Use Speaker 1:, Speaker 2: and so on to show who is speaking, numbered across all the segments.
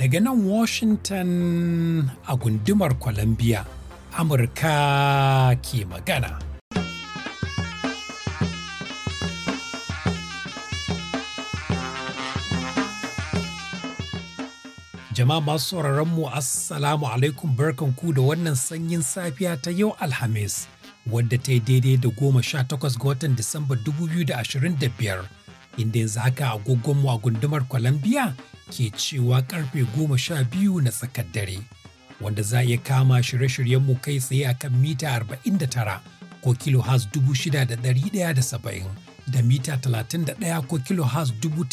Speaker 1: Daga nan Washington a gundumar Columbia, Amurka ke magana. Jama'a masu sauraronmu, Assalamu alaikum barkanku da wannan sanyin safiya ta yau Alhamis. wadda ta yi daidai da goma sha takwas ga watan Disamba da da biyar, inda yanzu haka agogonmu a gundumar Colombia ke cewa karfe goma sha biyu na tsakar dare wanda za a iya kama shirye shiryenmu mu kai tsaye kan mita arba'in da tara ko kilo dubu 6,170 da mita 31 ko kilo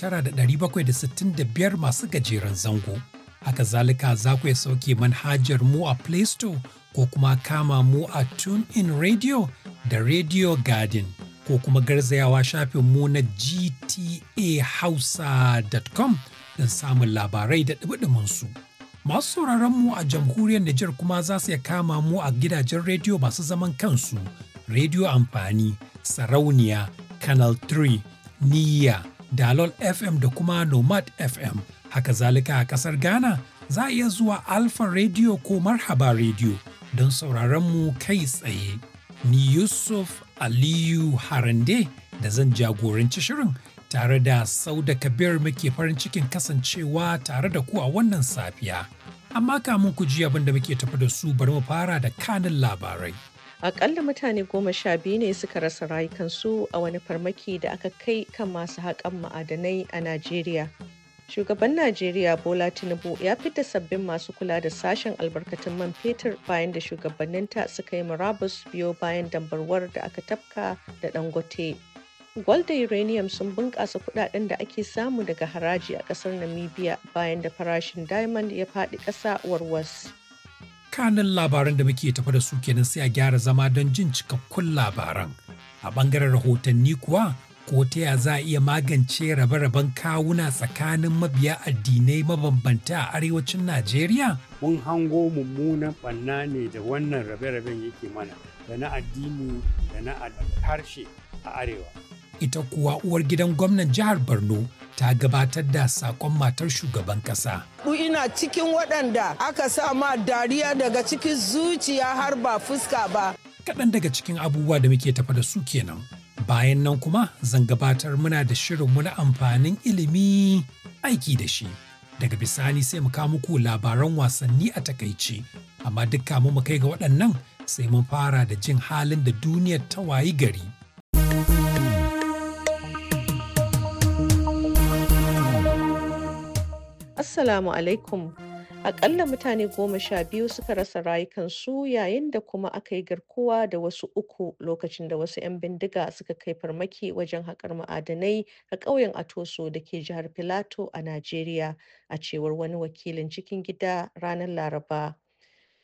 Speaker 1: da da biyar masu gajeren zango. Haka zalika za ku iya sauke manhajar mu a Play Store ko kuma kama mu a TuneIn Radio da Radio Garden ko kuma garzayawa shafin mu na gtahausa.com don samun labarai da su. Masu sauraron mu a jamhuriyar Nijar kuma za su iya kama mu a gidajen rediyo masu zaman kansu, rediyo amfani, sarauniya, Canal 3, Niyya, Dalol FM da kuma Nomad FM. Haka zalika a kasar Ghana za a iya zuwa Alpha Radio ko Marhaba Radio don sauraron mu kai tsaye. Ni Yusuf Aliyu Harande da zan jagoranci shirin tare da Sauda Kabir muke farin cikin kasancewa tare da ku a wannan safiya. Amma kamun ku ji abin da muke tafi da su bari mu fara da kanin labarai.
Speaker 2: Akalla mutane goma sha biyu ne suka rasa rayukansu a wani farmaki da aka kai kan masu haƙan ma'adanai a Najeriya. Shugaban Najeriya Bola Tinubu ya fita sabbin masu kula da sashen albarkatun man fetur bayan da shugabanninta suka yi murabus biyo bayan dambarwar da aka tafka da dangote. gwal da uranium sun bunkasa kudaden da ake samu daga haraji a kasar Namibia bayan da farashin diamond ya faɗi ƙasa warwas.
Speaker 1: Kanin labaran da muke tafa da su kenan sai a gyara zama don jin cikakkun labaran. A bangaren rahotanni kuwa ko ta ya za a iya magance rabe-raben kawuna tsakanin mabiya addinai mabambanta a arewacin Najeriya? Mun hango mummunan ɓanna ne da wannan rabe-raben yake mana da na addini da na harshe a arewa. Ita kuwa uwar gidan gwamnan jihar Borno ta gabatar da sakon matar shugaban kasa.
Speaker 3: ina cikin waɗanda aka sa ma dariya daga cikin
Speaker 1: zuciya har ba fuska ba. Kaɗan daga cikin abubuwa da muke tafa da su kenan Bayan nan kuma zan gabatar muna da shirin muna amfanin ilimi aiki da shi. Daga bisani sai mu kawo muku labaran wasanni a takaici. Amma duk mu mu kai ga waɗannan sai mun fara da jin halin da duniyar ta wayi gari.
Speaker 2: Assalamu alaikum Akalla mutane goma sha biyu suka rasa rayukansu yayin da kuma aka yi garkuwa da wasu uku lokacin da wasu 'yan bindiga suka kai farmaki wajen haƙar ma'adanai a ƙauyen Atoso da ke jihar Filato a Najeriya, a cewar wani wakilin cikin gida ranar Laraba.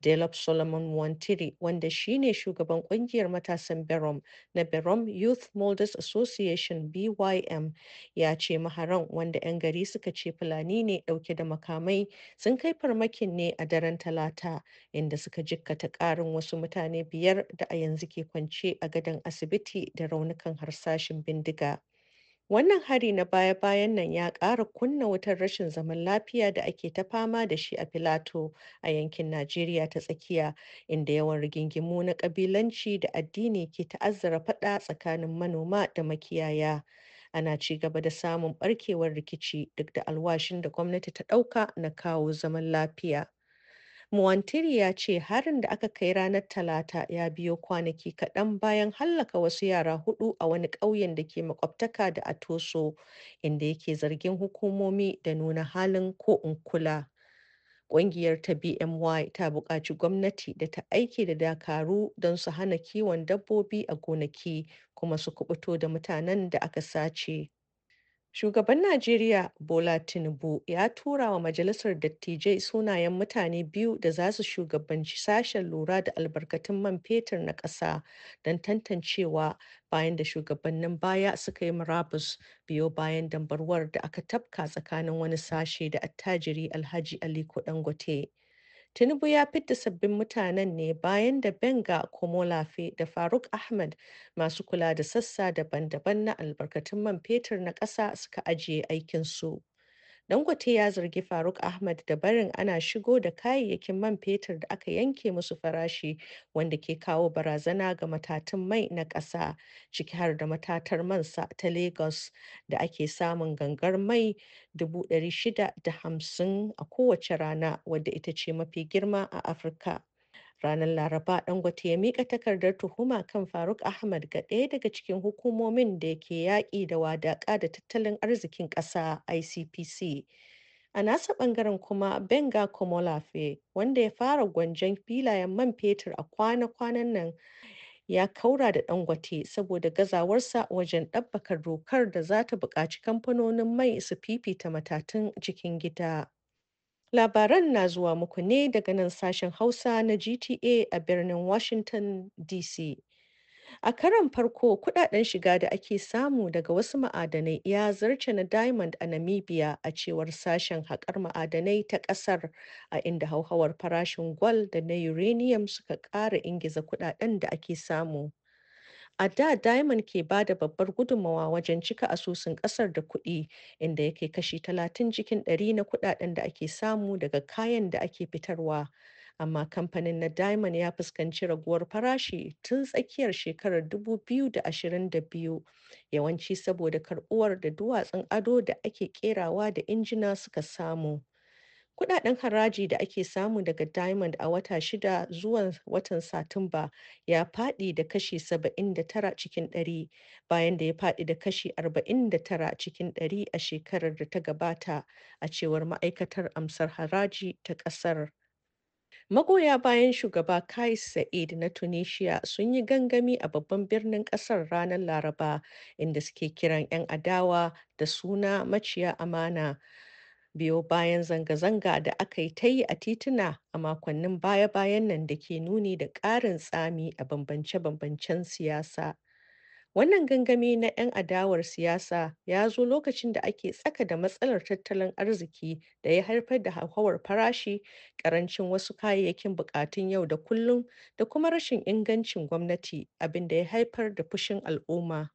Speaker 2: Delop Solomon Wantiri wanda shine shugaban kungiyar matasan Berom na Berom Youth Molders Association BYM ya ce maharan wanda 'yan gari suka ce Fulani ne dauke da makamai sun kai farmakin ne a daren talata inda suka jikkata karin wasu mutane biyar da a yanzu ke kwance a gadon asibiti da raunukan harsashin bindiga. Wannan hari na baya-bayan nan ya ƙara kunna wutar rashin zaman lafiya da ake ta fama da shi a Filato a yankin Najeriya ta Tsakiya, inda yawan rigingimu na ƙabilanci da addini ke ta'azzara faɗa tsakanin manoma da makiyaya. Ana ci gaba da samun ɓarkewar rikici duk da alwashin da gwamnati ta ɗauka na kawo zaman lafiya. Muwantiri ya ce harin da aka kai ranar Talata ya biyo kwanaki kaɗan bayan hallaka wasu yara hudu a wani ƙauyen da ke makwabtaka da Atoso, inda yake zargin hukumomi da nuna halin ko-in-kula. Ƙungiyar ta BMY ta buƙaci gwamnati da ta aiki da dakaru don su hana kiwon dabbobi a gonaki kuma su kubuto da mutanen da aka sace. Shugaban Najeriya Bola Tinubu ya tura wa Majalisar Dattijai sunayen mutane biyu da za su shugabanci sashen lura da albarkatun man fetur na ƙasa don tantancewa bayan da shugabannin baya suka yi murabus biyo bayan dambarwar da aka tafka tsakanin wani sashe da attajiri Alhaji Aliko Dangote. Tinubu ya fidda sabbin mutanen ne bayan da Benga Komolafe da Faruk Ahmed masu kula da sassa daban-daban na albarkatun man fetur na ƙasa suka ajiye aikinsu. Dangote ya zargi Faruk Ahmad da barin ana shigo da kayayyakin man fetur da aka yanke musu farashi wanda ke kawo barazana ga matatun mai na ƙasa ciki har da matatar man sa ta Lagos da ake samun gangar mai 650 a kowace rana wadda ita ce mafi girma a Afirka. ranar laraba dangote ya mika takardar tuhuma kan faruk ahmad ga ɗaya daga cikin hukumomin da ke yaƙi da wadaka da tattalin arzikin ƙasa icpc a nasa ɓangaren kuma benga komolafe wanda ya fara gwanjan filayen man fetur a kwana-kwanan nan ya kaura da dangote saboda gazawarsa wajen ɗabbaka dokar da za ta buƙaci kamfanonin mai su fifita matatun cikin gida Labaran na zuwa muku ne daga nan sashen Hausa na GTA a birnin Washington DC. A karan farko kudaden shiga da ake samu daga wasu ma'adanai ya zarce na diamond a Namibia a cewar sashen haƙar ma'adanai ta ƙasar a inda hauhawar farashin gwal da na uranium suka ƙara ingiza kudaden da ake samu. A da Diamond ke ba da babbar gudunmawa wajen cika asusun ƙasar da kuɗi, inda yake kashi 30 cikin ɗari na kuɗaɗen da ake samu daga kayan da ake fitarwa, amma kamfanin na Diamond ya fuskanci raguwar farashi tun tsakiyar shekarar 2022, yawanci saboda karbuwar da duwatsun ado da ake ƙerawa da injina suka samu. Kudaden haraji da ake samu daga Diamond a wata shida zuwa watan Satumba ya faɗi da kashi 79 cikin ɗari, bayan da ya faɗi da kashi 49 cikin ɗari a shekarar da ta gabata, a cewar Ma'aikatar Amsar Haraji ta ƙasar. Magoya bayan Shugaba Kais Sa'id na Tunisia sun yi gangami a babban birnin ƙasar ranar Laraba, inda suke kiran 'yan adawa da suna maciya amana. biyo bayan zanga-zanga da aka yi ta yi a tituna a makonnin baya-bayan nan da ke nuni da ƙarin tsami a bambance-bambancen siyasa. Wannan gangami na 'yan adawar siyasa ya zo lokacin da ake tsaka da matsalar tattalin arziki da ya haifar da hauhawar farashi, ƙarancin wasu kayayyakin buƙatun yau da kullum da kuma rashin ingancin gwamnati abin da ya haifar da fushin al'umma.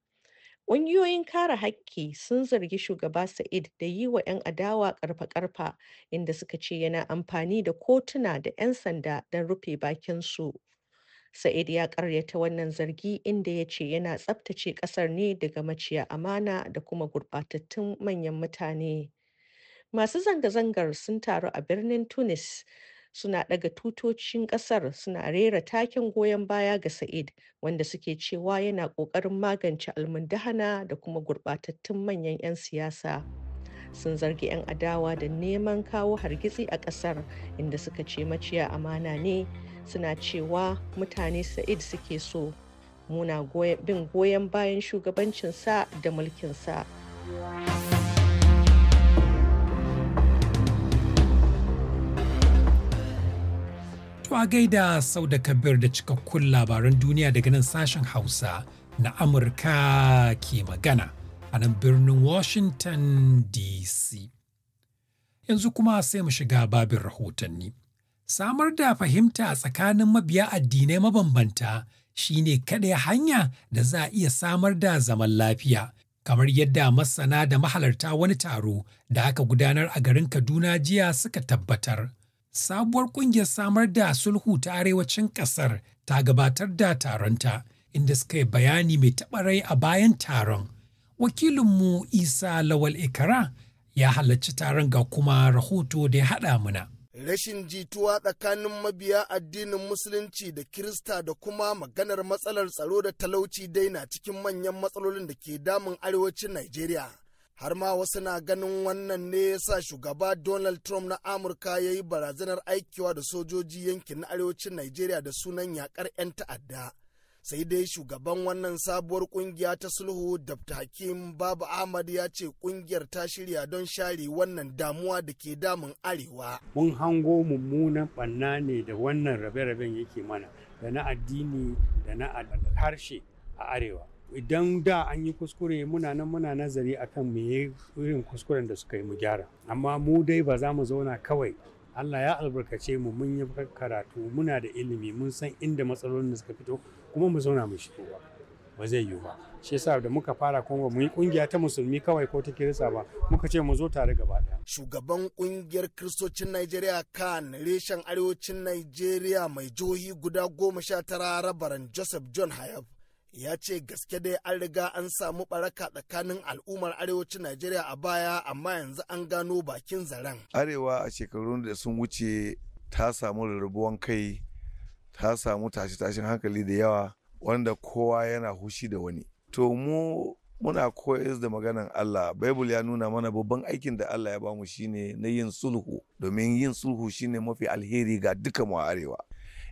Speaker 2: Ƙungiyoyin kare haƙƙi sun zargi Shugaba Said da yi wa 'yan adawa ƙarfa-ƙarfa, inda suka ce yana amfani da kotuna da 'yan sanda don rufe bakinsu. Said ya ƙaryata wannan zargi inda ya ce yana tsabtace ƙasar ne daga maciya amana da kuma gurɓatattun manyan mutane. Masu zanga-zangar sun taru a birnin Tunis suna ɗaga tutocin ƙasar suna rera taken goyon baya ga Sa'id wanda suke cewa yana ƙoƙarin magance almundahana da kuma gurɓatattun manyan 'yan siyasa. Sun zargi 'yan adawa da neman kawo hargitsi a ƙasar inda suka ce maciya amana ne suna cewa mutane Sa'id suke so muna bin goyon bayan shugabancinsa da mulkinsa.
Speaker 1: To a gaida sau da kabir da cikakkun labaran duniya daga nan sashen Hausa na Amurka ke magana a nan birnin Washington DC. Yanzu kuma sai mu shiga babin rahotanni. Samar da fahimta tsakanin mabiya addinai mabambanta shi shine kaɗai hanya da za a iya samar da zaman lafiya. kamar yadda masana da mahalarta wani taro da aka gudanar a garin Kaduna jiya suka tabbatar. sabuwar ƙungiyar samar da sulhu ta arewacin ƙasar ta gabatar da taronta inda suka yi bayani mai tabarai a bayan taron wakilinmu isa lawal ikara ya halarci taron ga kuma rahoto da ya haɗa muna
Speaker 4: rashin jituwa tsakanin mabiya addinin musulunci da kirista da kuma maganar matsalar tsaro da talauci dai na cikin manyan matsalolin da ke damun arewacin najeriya har ma wasu na ganin wannan ne ya sa shugaba Donald Trump na Amurka ya yi barazanar aikiwa da sojoji yankin na arewacin nigeria da sunan yakar 'yan ta'adda. Sai dai shugaban wannan sabuwar kungiya ta sulhu Dr. Hakim Babu Ahmad ya ce kungiyar ta shirya don share wannan damuwa da
Speaker 1: ke damun arewa. Mun hango mummunan banna ne da wannan rabe-raben yake mana da na addini da na harshe a arewa. idan da an yi kuskure muna nan muna nazari akan me irin kuskuren da suka yi mu gyara amma mu dai ba za mu zauna kawai Allah ya albarkace mu mun yi karatu muna da ilimi mun san inda matsalolin da suka fito kuma mu zauna mu shigo ba ba zai yiwu ba shi yasa da muka fara kuma mu yi kungiya ta musulmi kawai ko ta kirista ba muka ce mu zo tare gaba daya shugaban
Speaker 4: kungiyar kristocin Najeriya kan reshen arewacin Najeriya mai jihohi guda goma sha tara rabaran Joseph John Hayab ya ce gaske dai an riga an samu baraka tsakanin al'ummar arewacin Najeriya a baya amma yanzu an gano bakin zaren.
Speaker 5: Arewa a shekarun da sun wuce ta samu rarrabuwan kai ta samu tashe-tashen hankali da yawa wanda kowa yana hushi da wani. To mu muna koyar da maganan Allah Bible ya nuna mana babban aikin da Allah ya bamu shine na yin sulhu domin yin sulhu shine mafi alheri ga duka mu arewa.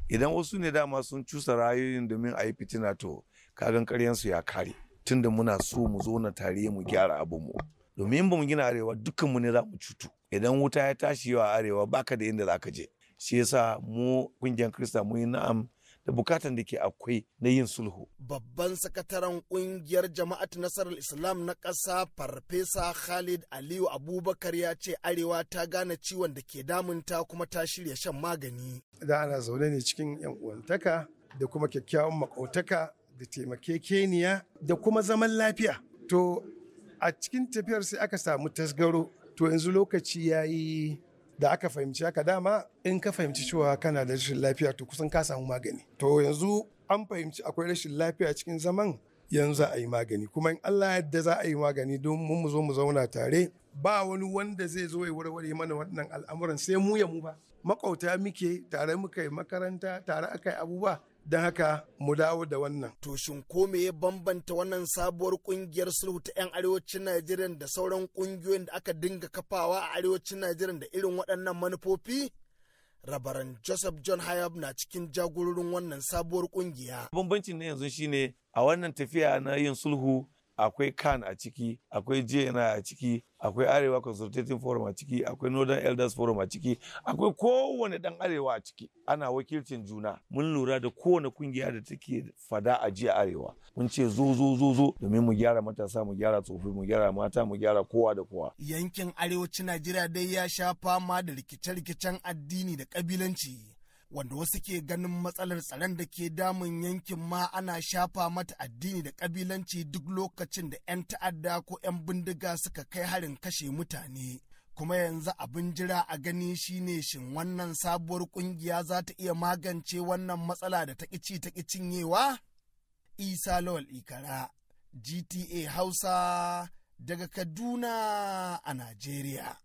Speaker 5: Idan wasu ne dama sun cusa rayoyin domin a yi fitina to kagan su ya kare tunda muna so mu zo na tare mu gyara mu domin ba mu gina arewa dukkan mu ne za mu cutu idan wuta ya tashi yawa arewa baka da inda zaka je shi yasa mu kungiyar krista mu yi na'am da bukatan da ke akwai na yin sulhu.
Speaker 4: Babban sakataren kungiyar jama'at nasarar Islam na ƙasa Farfesa Khalid Aliyu Abubakar ya ce Arewa ta gane ciwon da ke damunta kuma ta shirya shan magani. Da ana zaune ne cikin 'yan uwantaka da kuma kyakkyawan makautaka da taimakekeniya da kuma zaman lafiya to a cikin tafiyar sai aka samu tasgaro to yanzu lokaci ya yi da aka fahimci haka dama in ka fahimci cewa kana da rashin lafiya to kusan ka samu magani to yanzu an fahimci akwai rashin lafiya cikin zaman yanzu a yi magani kuma in Allah yadda za a yi magani don mu zo mu zauna tare ba wani wanda zai zo ya warware mana wannan al'amuran sai mu ya mu ba Makauta muke tare muka yi makaranta tare aka yi abubuwa don haka mu dawo da wannan. To shin ko me ya bambanta wannan sabuwar kungiyar sulhu ta 'yan arewacin Najeriya da sauran kungiyoyin da aka dinga kafawa a arewacin Najeriya da irin waɗannan manufofi? Rabaran Joseph John Hayab na cikin jagororin wannan sabuwar
Speaker 5: kungiya. Bambancin na yanzu shine a wannan tafiya na yin sulhu akwai kan a ciki akwai jna a ciki akwai arewa consultative forum a ciki akwai northern elders forum a ciki akwai kowane dan arewa a ciki ana wakilcin juna mun lura da kowane kungiya da take fada a jiya arewa mun ce zo zo zo zo domin mu gyara matasa mu gyara tsofi mu gyara mata mu gyara kowa da kowa
Speaker 4: yankin arewacin najeriya dai ya sha fama da rikice-rikicen addini da kabilanci wanda wasu ke ganin matsalar tsaron da ke damun yankin ma ana shafa mata addini da ƙabilanci duk lokacin da 'yan ta'adda ko 'yan bindiga suka kai harin kashe mutane. Kuma yanzu abin jira a gani shine shin wannan sabuwar kungiya za ta iya magance wannan matsala da ta ƙici ta cinyewa? Isa Lawal Ikara, GTA Hausa daga Kaduna a Najeriya.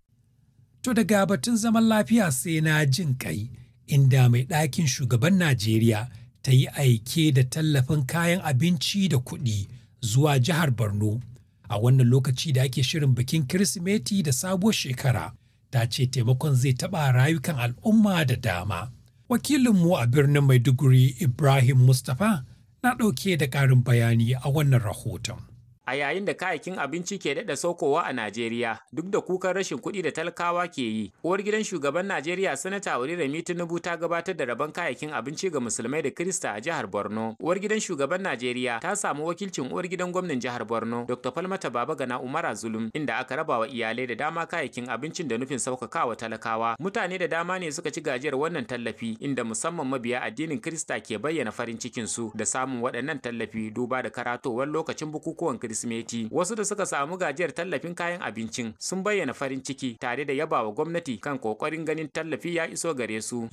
Speaker 1: To daga batun zaman lafiya sai na jin kai. inda mai ɗakin shugaban Najeriya ta yi aike da tallafin kayan abinci da kuɗi zuwa jihar Borno. A wannan lokaci da ake shirin bikin Kirsimeti da sabuwar shekara, ta ce taimakon zai taɓa rayukan al'umma da dama. Wakilinmu a birnin Maiduguri Ibrahim Mustapha na ɗauke da ƙarin bayani a wannan rahoton.
Speaker 3: a yayin da kayakin abinci ke daɗa saukowa a Najeriya duk da kukan rashin kuɗi da talakawa ke yi. Uwar gidan shugaban Najeriya Sanata Rami Tinubu ta gabatar da rabon kayakin abinci ga musulmai da Kirista a jihar Borno. Uwar gidan shugaban Najeriya ta samu wakilcin uwar gidan gwamnan jihar Borno Dr. Falmata Babagana Umara Zulum inda aka raba wa iyalai da dama kayakin abincin da nufin saukakawa talakawa. Mutane da dama ne suka ci gajiyar wannan tallafi inda musamman mabiya addinin Kirista ke bayyana farin cikin su da samun waɗannan tallafi duba da karatowar lokacin bukukuwan Kirsimeti. Wasu da suka samu gajiyar tallafin kayan abincin sun bayyana farin ciki tare da yabawa gwamnati kan kokarin ganin tallafi ya iso gare su.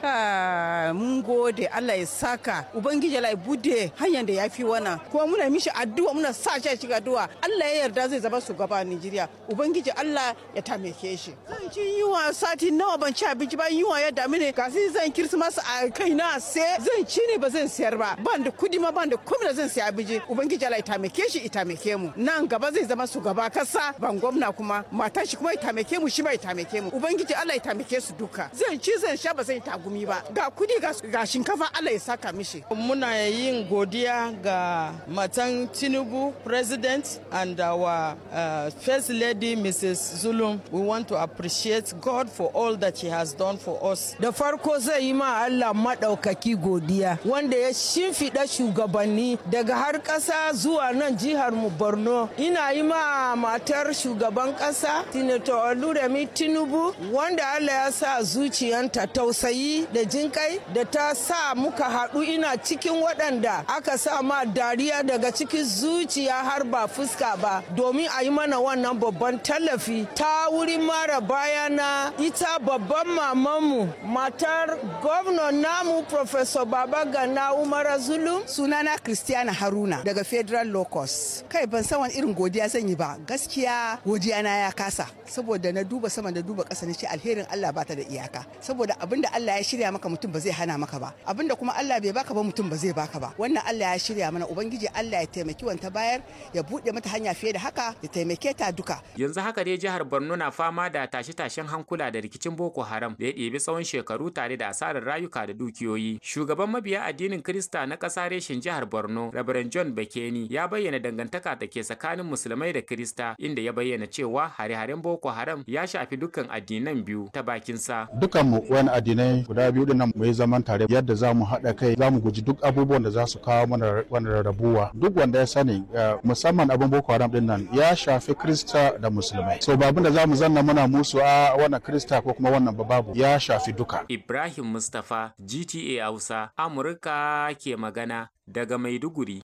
Speaker 3: mun gode Allah ya saka Ubangiji ya bude hanyar da ya fi wannan kuma muna mishi addu'a muna sa shi shiga addu'a Allah ya yarda zai zama shugaba a Nijeriya Ubangiji Allah ya tameke shi. Zan ci yiwa sati nawa ban ci abinci ba yiwa ya dami ne ga zan Kirsimas a kai n'a sai zan ci ne ba zan siyar ba ban da kudi ma ban da komai zan siya abinci Ubangiji Allah ya tameke shi ya tameke mu. nan gaba zai zama shugaba kasa ban gwamna kuma matan shi kuma ya tamake mu shi bai tamake mu ubangiji Allah ya tamake su duka zan ci zan sha ba zan tagumi ba ga kudi ga shinkafa Allah ya saka mishi muna yin godiya ga matan Tinubu president and our uh, first lady Mrs Zulum we want to appreciate God
Speaker 4: for all that he has done for us
Speaker 3: da farko zai yi ma Allah madaukaki godiya wanda ya shimfiɗa shugabanni daga har kasa zuwa nan jihar mu Borno borno ina yi ma matar shugaban kasa sinator oluremi tinubu wanda allah ya sa zuciyanta tausayi da jinkai da ta sa muka haɗu ina cikin waɗanda aka sa ma dariya daga cikin zuciya har ba fuska ba domin a yi mana wannan babban tallafi ta wuri mara baya na ita babban mamanmu matar gwamnan namu professor baba gana umara zulum sunana christiana haruna daga federal locus kai ban san wani irin
Speaker 4: godiya zan yi ba gaskiya godiya na ya kasa saboda na duba sama da duba ƙasa na ce alherin Allah bata da iyaka saboda abinda Allah ya shirya maka mutum ba zai hana maka ba abinda kuma Allah bai baka ba mutum ba zai baka ba wannan Allah ya shirya mana ubangiji Allah ya taimaki wanta bayar ya buɗe mata hanya
Speaker 3: fiye da haka ya taimake ta duka yanzu haka dai jihar Borno na fama da tashe-tashen hankula da rikicin Boko Haram da ya ɗebi tsawon shekaru tare da asarar rayuka da dukiyoyi shugaban mabiya addinin Kirista na ƙasa reshen jihar Borno Reverend John Bakeni ya bayyana dangantaka ke tsakanin musulmai da kirista inda ya bayyana cewa hare-haren boko haram ya shafi dukkan addinan biyu ta bakinsa
Speaker 6: dukkan mu wani addinai guda biyu din nan mu zaman tare yadda za mu haɗa kai za mu guji duk abubuwan da za su kawo mana wani rarrabuwa duk wanda ya sani musamman abin boko haram din nan ya shafi kirista da musulmai so babin da za mu zanna muna musu a wannan kirista ko
Speaker 3: kuma wannan babu ya shafi duka ibrahim mustapha gta hausa amurka ke magana daga maiduguri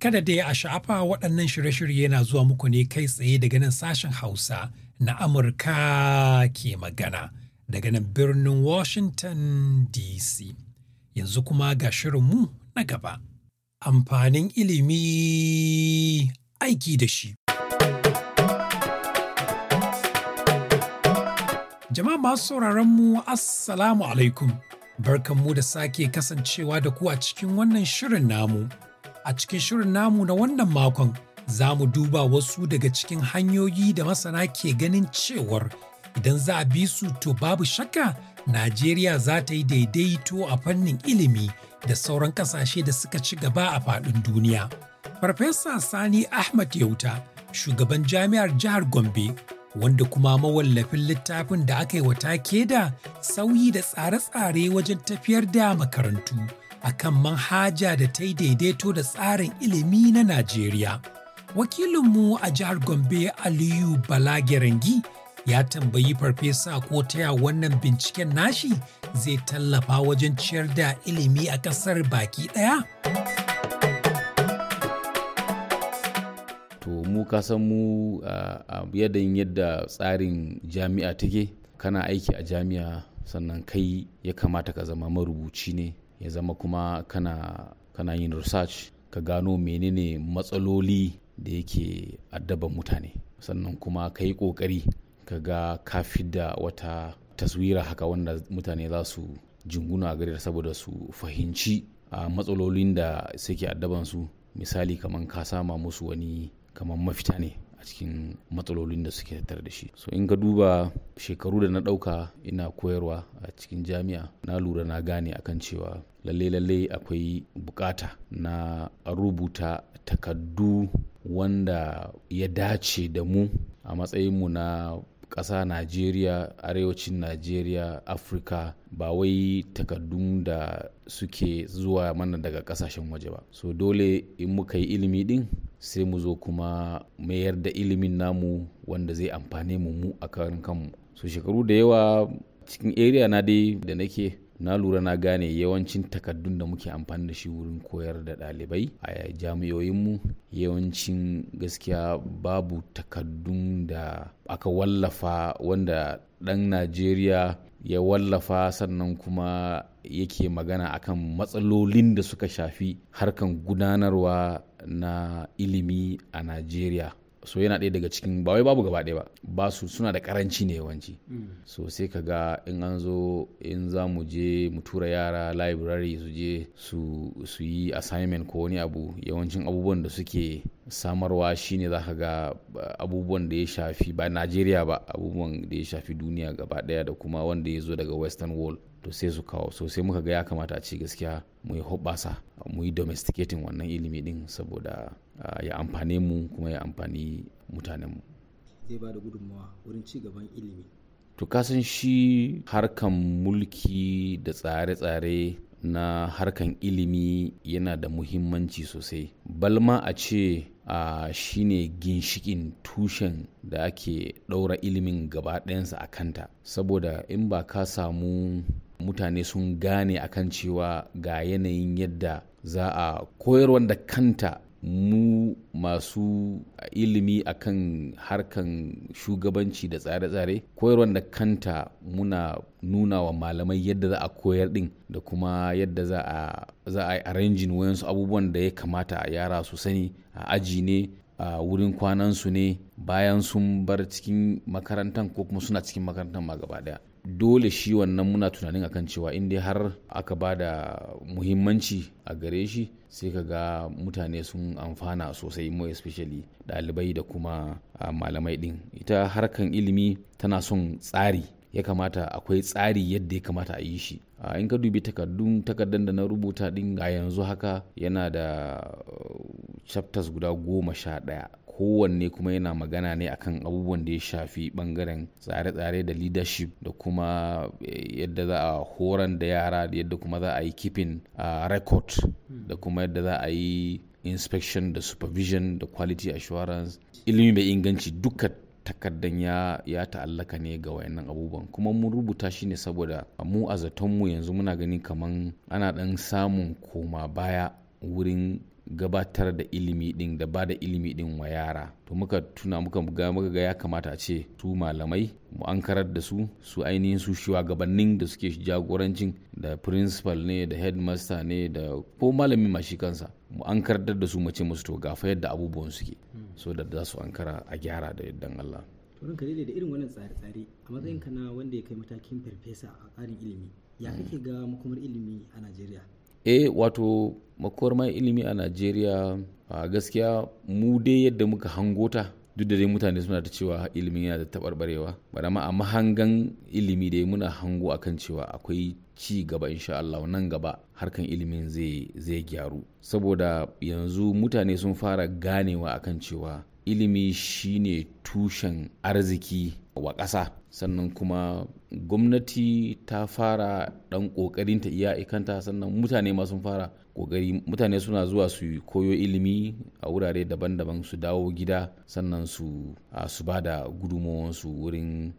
Speaker 1: Kada dai a sha'afa waɗannan shirye-shirye na zuwa muku ne kai tsaye daga nan sashen Hausa na Amurka ke magana daga nan birnin Washington DC. Yanzu kuma ga shirinmu na gaba. Amfanin ilimi aiki da shi. Jama'a masu sauraronmu mu Assalamu alaikum. Barkanmu da sake kasancewa da ku a cikin wannan shirin namu. a cikin shirin namu na wannan makon za mu duba wasu daga cikin hanyoyi da masana ke ganin cewar idan za a bi su to babu shakka Najeriya za ta yi daidaito a fannin ilimi da sauran kasashe da suka ci gaba a faɗin duniya. Farfesa Sani Ahmad Yauta, shugaban jami'ar jihar Gombe, wanda kuma mawallafin littafin da aka yi wa take da sauyi da tsare-tsare wajen tafiyar da makarantu. akan manhaja da ta yi daidaito da tsarin ilimi na Najeriya. Wakilinmu a jihar Gombe Aliyu Balagirangi ya tambayi farfesa ko taya wannan binciken nashi zai tallafa wajen ciyar da ilimi a ƙasar baki ɗaya?
Speaker 7: To mu kasan mu a yadda tsarin jami'a take kana aiki a jami'a sannan kai ya kamata ka zama marubuci ne ya zama kuma kana kana yin research ka gano menene matsaloli da yake addaban mutane sannan kuma ka yi ƙoƙari ka ga kafi da wata taswira haka wanda mutane za su jinguna a gari saboda su fahimci a matsalolin da suke addaban su misali kaman ka sama musu wani kaman mafita ne a cikin matsalolin da suke tattare da shi so in ka duba shekaru da na ɗauka ina koyarwa a cikin jami'a na lura na gane akan cewa lalle lalle akwai bukata na rubuta takaddu wanda ya dace da mu a matsayinmu na ƙasa najeriya arewacin najeriya afirka ba wai takardun da suke zuwa mana daga ƙasashen waje ba so dole in muka yi ilimi din sai mu zo kuma mayar da ilimin namu wanda zai amfane mu mu a kanmu so shekaru da yawa cikin area na dai da nake na lura na gane yawancin takaddun da muke amfani da shi wurin koyar da ɗalibai a jami'oyinmu yawancin gaskiya babu takaddun da aka wallafa wanda ɗan najeriya ya wallafa sannan kuma yake magana akan matsalolin da suka shafi harkan gudanarwa na ilimi a najeriya so yana ɗaya daga cikin ba wai babu gaba ɗaya ba ba su suna da karanci ne yawanci mm. so sai ka ga in an zo in za mu je mu tura yara library su je su yi assignment ko wani abu yawancin abubuwan da suke samarwa shine za ka ga abubuwan da ya shafi ba najeriya ba abubuwan da ya shafi duniya gaba ɗaya da kuma wanda ya zo daga western world to sai su kawo so sai muka ga ya kamata a ce gaskiya mu yi hoɓasa mu yi domesticating wannan ilimi din saboda Uh, ya amfane mu kuma ya amfani mutanenmu
Speaker 3: zai ba da gudunmawa wurin ci gaban ilimi
Speaker 7: to kasan shi harkan mulki da tsare-tsare na harkan ilimi yana da muhimmanci sosai balma a ce a shine ginshikin tushen da ake ɗaura ilimin gaba ɗayansa a kanta saboda in ba ka samu mutane sun gane akan cewa ga yanayin yadda za a koyarwar da kanta mu masu ilimi akan harkan shugabanci da tsare-tsare koyarwar da kanta muna nuna wa malamai yadda za a koyar din da kuma yadda za a yi arrangin wayansu abubuwan da ya kamata a yara su sani a aji ne a wurin kwanansu ne bayan sun bar cikin makarantar ko kuma suna cikin makarantar ma gaba daya dole shi wannan muna tunanin akan cewa in dai har aka ba da muhimmanci a gare shi sai ka ga mutane sun amfana sosai more especially ɗalibai da kuma malamai ɗin ita harkan ilimi tana son tsari ya kamata akwai tsari yadda ya kamata a yi shi in ka dubi takardun takardun da na rubuta din a yanzu haka yana da uh, chapters guda goma sha ɗaya kowanne kuma yana magana ne akan abubuwan da ya shafi bangaren tsare-tsare da leadership da kuma eh, yadda za a horan da yara da yadda kuma za a yi keeping a record da kuma yadda za a yi inspection da supervision da quality assurance ilimi mai inganci duka takardan ya, ya ta'allaka ne ga wayannan abubuwan kuma mun rubuta shi ne saboda mu a zaton mu yanzu muna gani kaman ana dan samun koma baya wurin gabatar da ilimi din da ba da ilimi din wa yara to muka tuna muka ga muka ga ya kamata a ce su malamai mu an karar da su su ainihin su shugabannin da suke jagorancin da principal ne da headmaster ne da ko malami ma shi kansa mu an karar da su mu ce musu to fa yadda abubuwan suke so da za su ankara a gyara da yaddan Allah
Speaker 3: ranka dai da irin wannan tsare-tsare a matsayin ka na wanda ya kai matakin farfesa a tsarin ilimi ya kake ga makomar ilimi
Speaker 1: a Najeriya
Speaker 7: e wato makwarmar ilimi a Najeriya a gaskiya mu dai yadda muka hango ta duk da dai mutane suna ta cewa ilimin yana da taɓarɓarewa bara ma a mahangan ilimi dai muna hango akan cewa akwai ci gaba insha Allah nan gaba harkan ilimin zai gyaru saboda yanzu mutane sun fara ganewa akan cewa ilimi shine tushen arziki wa ƙasa sannan kuma gwamnati ta fara ɗan ƙoƙarinta iya ikanta sannan mutane ma sun fara kokari mutane suna zuwa su koyo ilimi a wurare daban-daban su dawo gida sannan su su ba da gudunmawansu wurin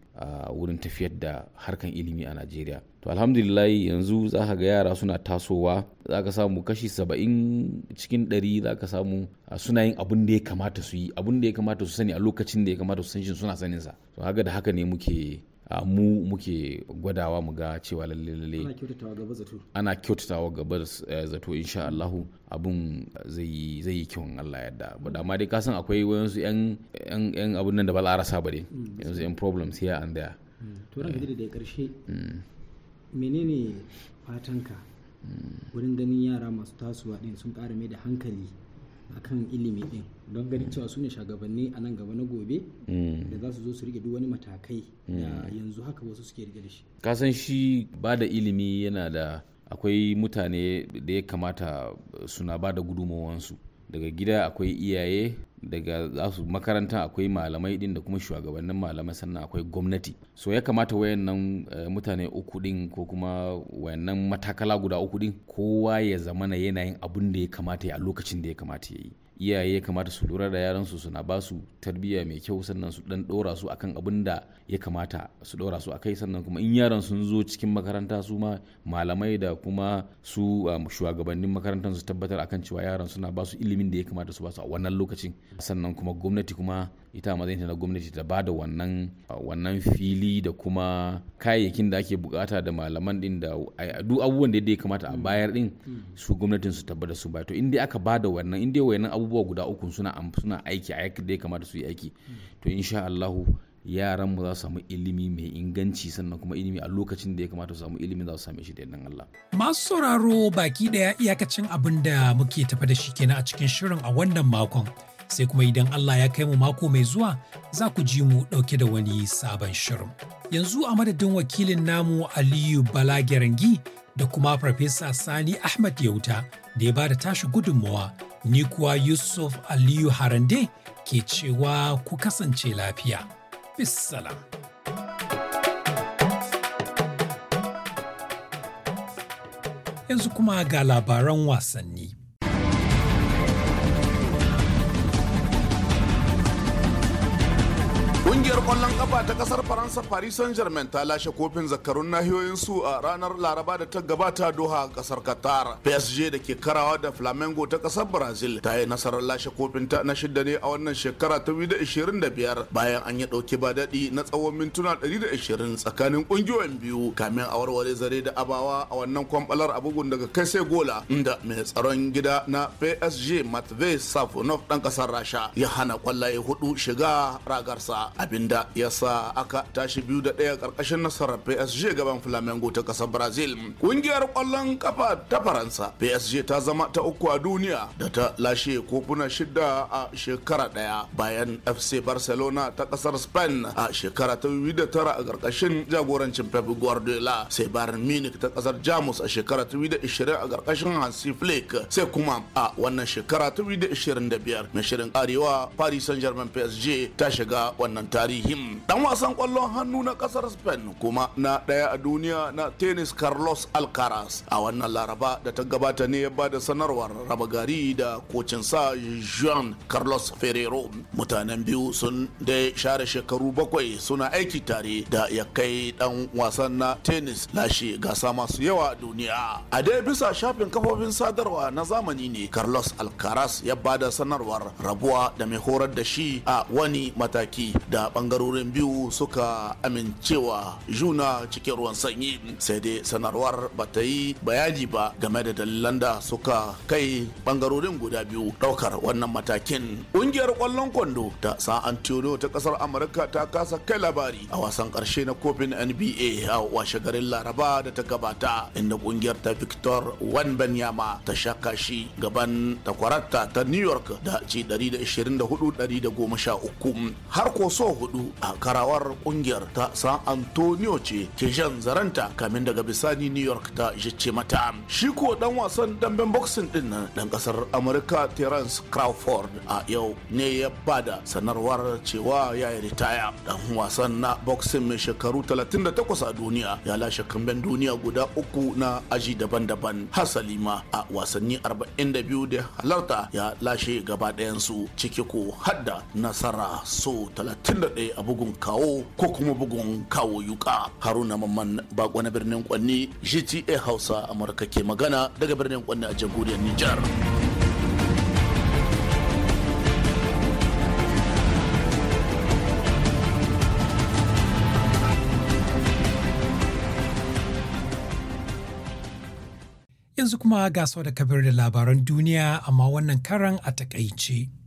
Speaker 7: wurin tafiyar da harkan ilimi a najeriya to alhamdulillah yanzu za ka ga yara suna tasowa za ka samu kashi saba'in cikin ɗari za ka samu suna yin abin da ya kamata su yi abin da ya kamata su sani a lokacin da ya kamata su san shi suna saninsa to haka da haka ne muke mu muke gwadawa mu ga cewa lalle lalle ana kyautatawa gaba zato eh, insha Allahu abun zai yi zai yi kyau Allah yadda ba da ma dai kasan akwai wayansu yan yan abun nan da ba rasa ba dai mm, yanzu yan problems here and there mm, to ran gidi da karshe mm. menene fatanka wurin ganin yara masu tasowa din sun ƙara mai da hankali akan ilimi din don ganin cewa su ne shagabanni a nan gaba na gobe hmm. da za su zo su rike duk wani matakai da hmm. yanzu haka wasu suke rike da shi kasan shi ba da ilimi yana da akwai mutane da ya kamata suna ba da gudunmawansu daga gida akwai iyaye daga za su makaranta akwai malamai din da kuma shugabannin malamai sannan akwai gwamnati so ya kamata wayannan eh, mutane uku din ko kuma wayannan matakala guda uku din kowa ya zamana yanayin abun da ya kamata ya a lokacin da ya kamata ya yi iyaye ya kamata su lura da yaransu suna ba su tarbiyya mai kyau sannan su dan ɗora su akan abin da ya kamata su ɗora su akai sannan kuma in yaran sun zo cikin makaranta su ma malamai da kuma su um, shugabannin makarantar su tabbatar akan cewa yaran suna ba su ilimin da ya kamata su ba su a wannan lokacin sannan kuma gwamnati kuma ita matsayinta na gwamnati ta bada wannan wannan fili da kuma kayayyakin da ake bukata da malaman din da duk abubuwan da ya kamata a bayar din su gwamnatin su tabbata su bayar to inda aka bada wannan inda wayannan abubuwa guda uku suna suna aiki a yadda ya kamata su yi aiki to insha Allah yaran mu za su samu ilimi mai inganci sannan kuma ilimi a lokacin da ya kamata su samu ilimi za su same shi da yardan Allah.
Speaker 1: Masu sauraro baki daya iyakacin abin da muke tafa da shi kenan a cikin shirin a wannan makon. sai kuma idan Allah ya kai mu mako mai zuwa za ku ji mu ɗauke da wani sabon shirin. Yanzu a madadin wakilin namu Aliyu Bala Balagirangi da kuma Farfesa Sani Ahmad Yauta da ya bada tashi gudunmawa ni kuwa Yusuf Aliyu Harande ke cewa ku kasance lafiya. Bissalam. Yanzu kuma ga labaran wasanni.
Speaker 6: Ƙungiyar kwallon kafa ta ƙasar Faransa Paris Saint-Germain ta lashe kofin zakarun nahiyoyin su a ranar Laraba da ta gabata Doha a kasar Qatar. PSG da ke karawa da Flamengo ta ƙasar Brazil ta yi nasarar lashe kofin ta na shida ne a wannan shekara ta 2025 bayan an yi ɗauki ba daɗi na tsawon mintuna 120 tsakanin ƙungiyoyin biyu kamin a warware zare da abawa a wannan kwambalar a daga kai sai gola inda mai tsaron gida na PSG Matvey Safonov ɗan ƙasar Rasha ya hana kwallaye hudu shiga ragarsa. abinda ya sa aka tashi biyu da ɗaya ƙarƙashin nasarar PSG gaban Flamengo ta ƙasar Brazil. Ƙungiyar ƙwallon ƙafa ta Faransa PSG ta zama ta uku a duniya da ta lashe kofuna shida a shekara ɗaya bayan FC Barcelona ta ƙasar Spain a shekara ta biyu da tara a ƙarƙashin jagorancin Pep Guardiola sai Bayern Munich ta ƙasar Jamus a shekara ta biyu da ishirin a ƙarƙashin Hansi Flick sai kuma a wannan shekara ta biyu da ishirin da biyar mai shirin arewa Paris Saint-Germain PSG ta shiga wannan wannan tarihin dan wasan kwallon hannu na kasar spain kuma na daya a duniya na tennis carlos alcaraz a wannan laraba da ta gabata ne ya bada sanarwar raba gari da kocinsa jean carlos ferrero mutanen biyu sun da share shekaru bakwai suna aiki tare da ya kai dan wasan na tennis lashe gasa masu yawa a duniya a dai bisa shafin kafofin sadarwa na zamani ne carlos alcaraz ya ba da sanarwar rabuwa da mai horar da shi a wani mataki da bangarorin biyu suka amincewa juna cikin ruwan sanyi sai dai sanarwar ba ta yi bayani ba game da dalilan da suka kai bangarorin guda biyu daukar wannan matakin ƙungiyar kwallon kwando ta san antonio ta kasar amurka ta kasa kai labari a wasan karshe na kofin nba a washe garin laraba da ta gabata inda kungiyar ta victor wanbanyama ta shaka shi gaban takwarar ta new york da ci 124 har ko so hudu a karawar kungiyar ta san antonio ce ke jan zaranta kamin daga bisani new york ta jice mata shi ko dan wasan damben boxing din nan dan kasar amurka terence crawford a yau ne ya bada sanarwar cewa ya yi ritaya dan wasan na boxing mai shekaru 38 a duniya ya lashe kamben duniya guda uku na aji daban-daban hasalima a wasanni 42 da halarta ya lashe gaba su ciki ko hadda nasara so 30 31 a bugun kawo ko kuma bugun kawo yuka haruna mamman bako na birnin kwanni gta hausa amurka ke magana daga birnin kwanni a jamhuriyar nijar
Speaker 1: yanzu kuma ga sau da kabir da labaran duniya amma wannan karan a takaice.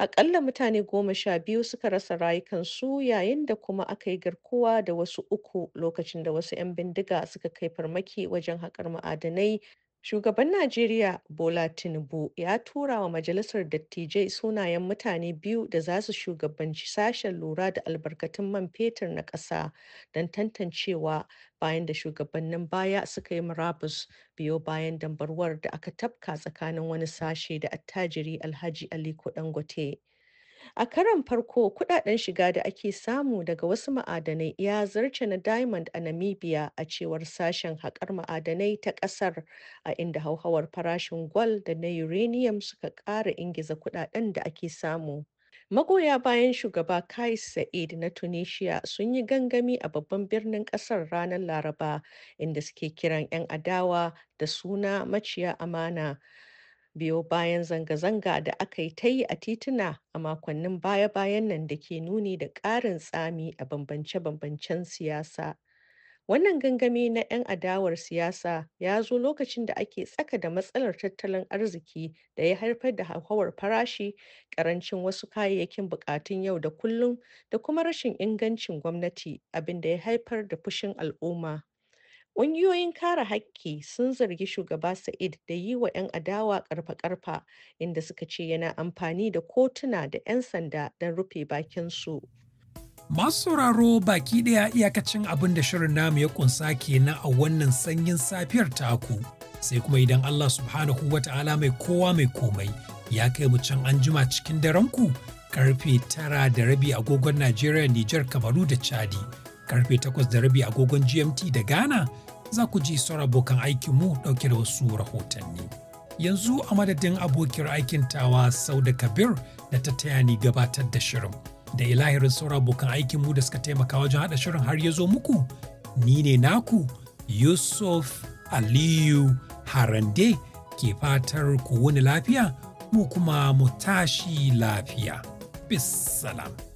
Speaker 2: Aƙalla mutane goma sha biyu suka rasa rayukansu yayin da kuma aka yi garkuwa da wasu uku lokacin da wasu 'yan bindiga suka kai farmaki wajen haƙar ma'adanai Shugaban Najeriya Bola Tinubu ya tura wa Majalisar Dattijai sunayen mutane biyu da za su shugabanci sashen lura da albarkatun man fetur na ƙasa don tantancewa bayan da shugabannin baya suka yi murabus biyo bayan dambarwar da aka tafka tsakanin wani sashe da attajiri Alhaji Aliko Dangote. A karon farko, kuɗaɗen shiga da ake samu daga wasu ma'adanai ya zarce na diamond a Namibia, a cewar Sashen Haƙar Ma'adanai ta ƙasar, a inda hauhawar farashin gwal da na uranium suka ƙara ingiza kuɗaɗen da ake samu. Magoya bayan Shugaba Kais Sa'id na Tunisia sun yi gangami a babban birnin ƙasar ranar Laraba, inda suke kiran 'yan adawa da suna maciya amana. biyo bayan zanga-zanga da aka yi ta yi a tituna a makonnin baya-bayan nan da ke nuni da ƙarin tsami a bambance-bambancen siyasa. Wannan gangami na 'yan adawar siyasa ya zo lokacin da ake tsaka da matsalar tattalin arziki da ya haifar da hauhawar farashi, ƙarancin wasu kayayyakin buƙatun yau da kullum da kuma rashin ingancin gwamnati abin da ya haifar da fushin al'umma. Ƙungiyoyin kare haƙƙi sun zargi Shugaba Said da yi wa ‘yan adawa ƙarfa-ƙarfa, inda suka ce yana amfani da kotuna da ‘yan sanda don rufe bakinsu.
Speaker 1: Masu sauraro baki ɗaya iyakacin abin da shirin namu ya ƙunsa kenan a wannan sanyin safiyar taku. Sai kuma idan Allah subhanahu wa ta'ala mai kowa mai komai ya kai mu can an jima cikin daren ku karfe tara da rabi agogon Najeriya, Nijar, Kamaru da Chadi. karfe da 8:30 agogon GMT da Ghana za ku ji sauran abokan aikinmu ɗauke da wasu rahotanni. Yanzu a madadin abokiyar aikin tawa Sauda Kabir da ta taya ni gabatar da shirin. Da ilahirin sauran abokan aikinmu da suka taimaka wajen haɗa shirin har ya zo muku, ni ne naku Yusuf Aliyu Harande ke fatar ku wani lafiya, mu kuma mu tashi lafiya. Bis